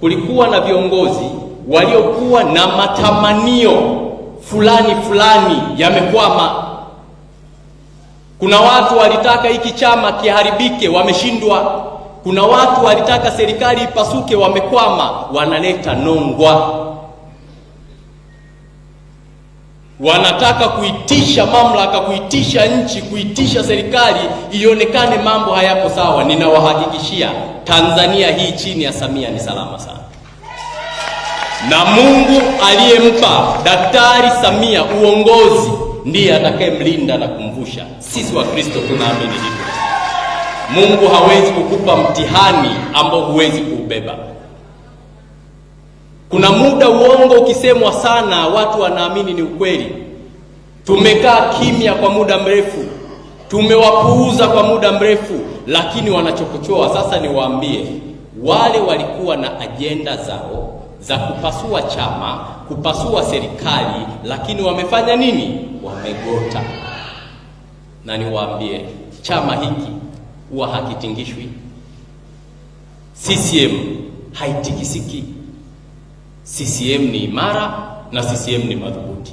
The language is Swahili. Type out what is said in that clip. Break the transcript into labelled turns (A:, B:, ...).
A: kulikuwa na viongozi waliokuwa na matamanio fulani fulani yamekwama. Kuna watu walitaka hiki chama kiharibike, wameshindwa. Kuna watu walitaka serikali ipasuke, wamekwama. Wanaleta nongwa wanataka kuitisha mamlaka, kuitisha nchi, kuitisha serikali ionekane mambo hayako sawa. Ninawahakikishia Tanzania hii chini ya Samia ni salama sana, na Mungu aliyempa Daktari Samia uongozi ndiye atakayemlinda na kumvusha. Sisi Wakristo tunaamini hivyo. Mungu hawezi kukupa mtihani ambao huwezi kuubeba. Kuna muda uongo ukisemwa sana, watu wanaamini ni ukweli. Tumekaa kimya kwa muda mrefu, tumewapuuza kwa muda mrefu, lakini wanachokochoa sasa. Niwaambie, wale walikuwa na ajenda zao za kupasua chama, kupasua serikali, lakini wamefanya nini? Wamegota. Na niwaambie, chama hiki huwa hakitingishwi. CCM haitikisiki. CCM ni imara na CCM ni madhubuti.